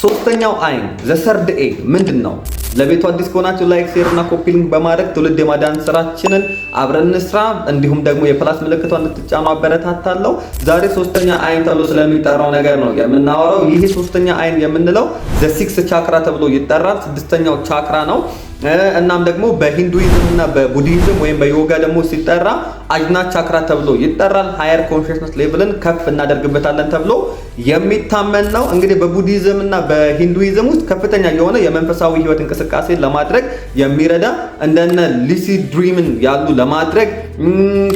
ሶስተኛው አይን ዘሰርድ ኤ ምንድን ነው? ለቤቱ አዲስ ከሆናችሁ ላይክ፣ ሼር እና ኮፒ ሊንክ በማድረግ ትውልድ የማዳን ስራችንን አብረን ስራ። እንዲሁም ደግሞ የፕላስ ምልክቷ እንድትጫኑ አበረታታለሁ። ዛሬ ሶስተኛ አይን ተብሎ ስለሚጠራው ነገር ነው የምናወራው። ይህ ሶስተኛ አይን የምንለው ዘሲክስ ቻክራ ተብሎ ይጠራል። ስድስተኛው ቻክራ ነው። እናም ደግሞ በሂንዱይዝም እና በቡዲዝም ወይም በዮጋ ደግሞ ሲጠራ አጅና ቻክራ ተብሎ ይጠራል። ሃየር ኮንሽስነስ ሌቭልን ከፍ እናደርግበታለን ተብሎ የሚታመን ነው። እንግዲህ በቡዲዝም እና በሂንዱይዝም ውስጥ ከፍተኛ የሆነ የመንፈሳዊ ህይወት እንቅስቃሴ ለማድረግ የሚረዳ እንደነ ሊሲ ድሪምን ያሉ ለማድረግ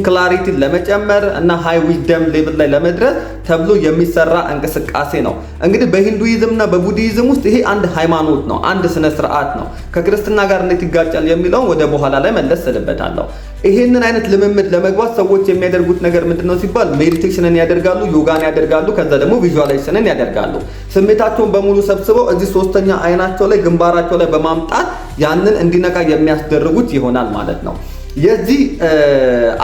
ክላሪቲን ለመጨመር እና ሃይ ዊዝደም ሌቭል ላይ ለመድረስ ተብሎ የሚሰራ እንቅስቃሴ ነው። እንግዲህ በሂንዱይዝም እና በቡዲዝም ውስጥ ይሄ አንድ ሃይማኖት ነው፣ አንድ ስነ ስርዓት ነው። ከክርስትና ጋር እንዴት ይጋጫል የሚለውን ወደ በኋላ ላይ መለስ ስልበታለሁ። ይሄንን አይነት ልምምድ ለመግባት ሰዎች የሚያደርጉት ነገር ምንድነው ሲባል ሜዲቴሽንን ያደርጋሉ፣ ዮጋን ያደርጋሉ፣ ከዛ ደግሞ ቪዥዋላይዜሽንን ያደርጋሉ። ስሜታቸውን በሙሉ ሰብስበው እዚህ ሶስተኛ አይናቸው ላይ ግንባራቸው ላይ በማምጣት ያንን እንዲነቃ የሚያስደርጉት ይሆናል ማለት ነው። የዚህ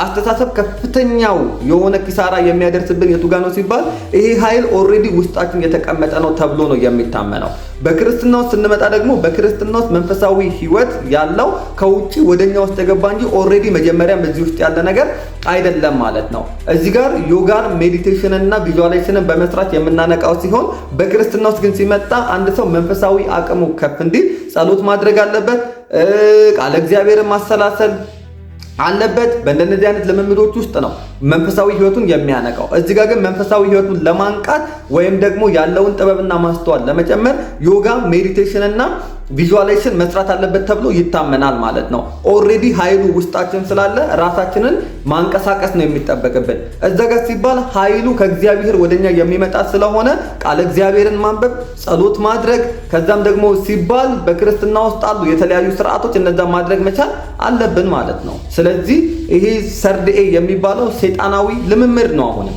አስተሳሰብ ከፍተኛው የሆነ ኪሳራ የሚያደርስብን የቱጋ ነው ሲባል ይሄ ኃይል ኦልሬዲ ውስጣችን የተቀመጠ ነው ተብሎ ነው የሚታመነው። በክርስትና ውስጥ ስንመጣ ደግሞ በክርስትና ውስጥ መንፈሳዊ ሕይወት ያለው ከውጭ ወደኛ ውስጥ የገባ እንጂ ኦልሬዲ መጀመሪያም እዚህ ውስጥ ያለ ነገር አይደለም ማለት ነው። እዚህ ጋር ዮጋን ሜዲቴሽንና እና ቪዥዋላይዜሽንን በመስራት የምናነቃው ሲሆን በክርስትና ውስጥ ግን ሲመጣ አንድ ሰው መንፈሳዊ አቅሙ ከፍ እንዲል ጸሎት ማድረግ አለበት። ቃለ እግዚአብሔርን ማሰላሰል አለበት በእንደነዚህ አይነት ልምምዶች ውስጥ ነው መንፈሳዊ ህይወቱን የሚያነቃው። እዚህ ጋር ግን መንፈሳዊ ህይወቱን ለማንቃት ወይም ደግሞ ያለውን ጥበብና ማስተዋል ለመጨመር ዮጋ ሜዲቴሽንና ቪዥዋላይዜሽን መስራት አለበት ተብሎ ይታመናል ማለት ነው። ኦልሬዲ ኃይሉ ውስጣችን ስላለ ራሳችንን ማንቀሳቀስ ነው የሚጠበቅብን። እዛ ጋር ሲባል ኃይሉ ከእግዚአብሔር ወደኛ የሚመጣ ስለሆነ ቃለ እግዚአብሔርን ማንበብ፣ ጸሎት ማድረግ ከዛም ደግሞ ሲባል በክርስትና ውስጥ አሉ የተለያዩ ስርዓቶች እነዛ ማድረግ መቻል አለብን ማለት ነው። ስለዚህ ይሄ ሰርድኤ የሚባለው ሰይጣናዊ ልምምድ ነው አሁንም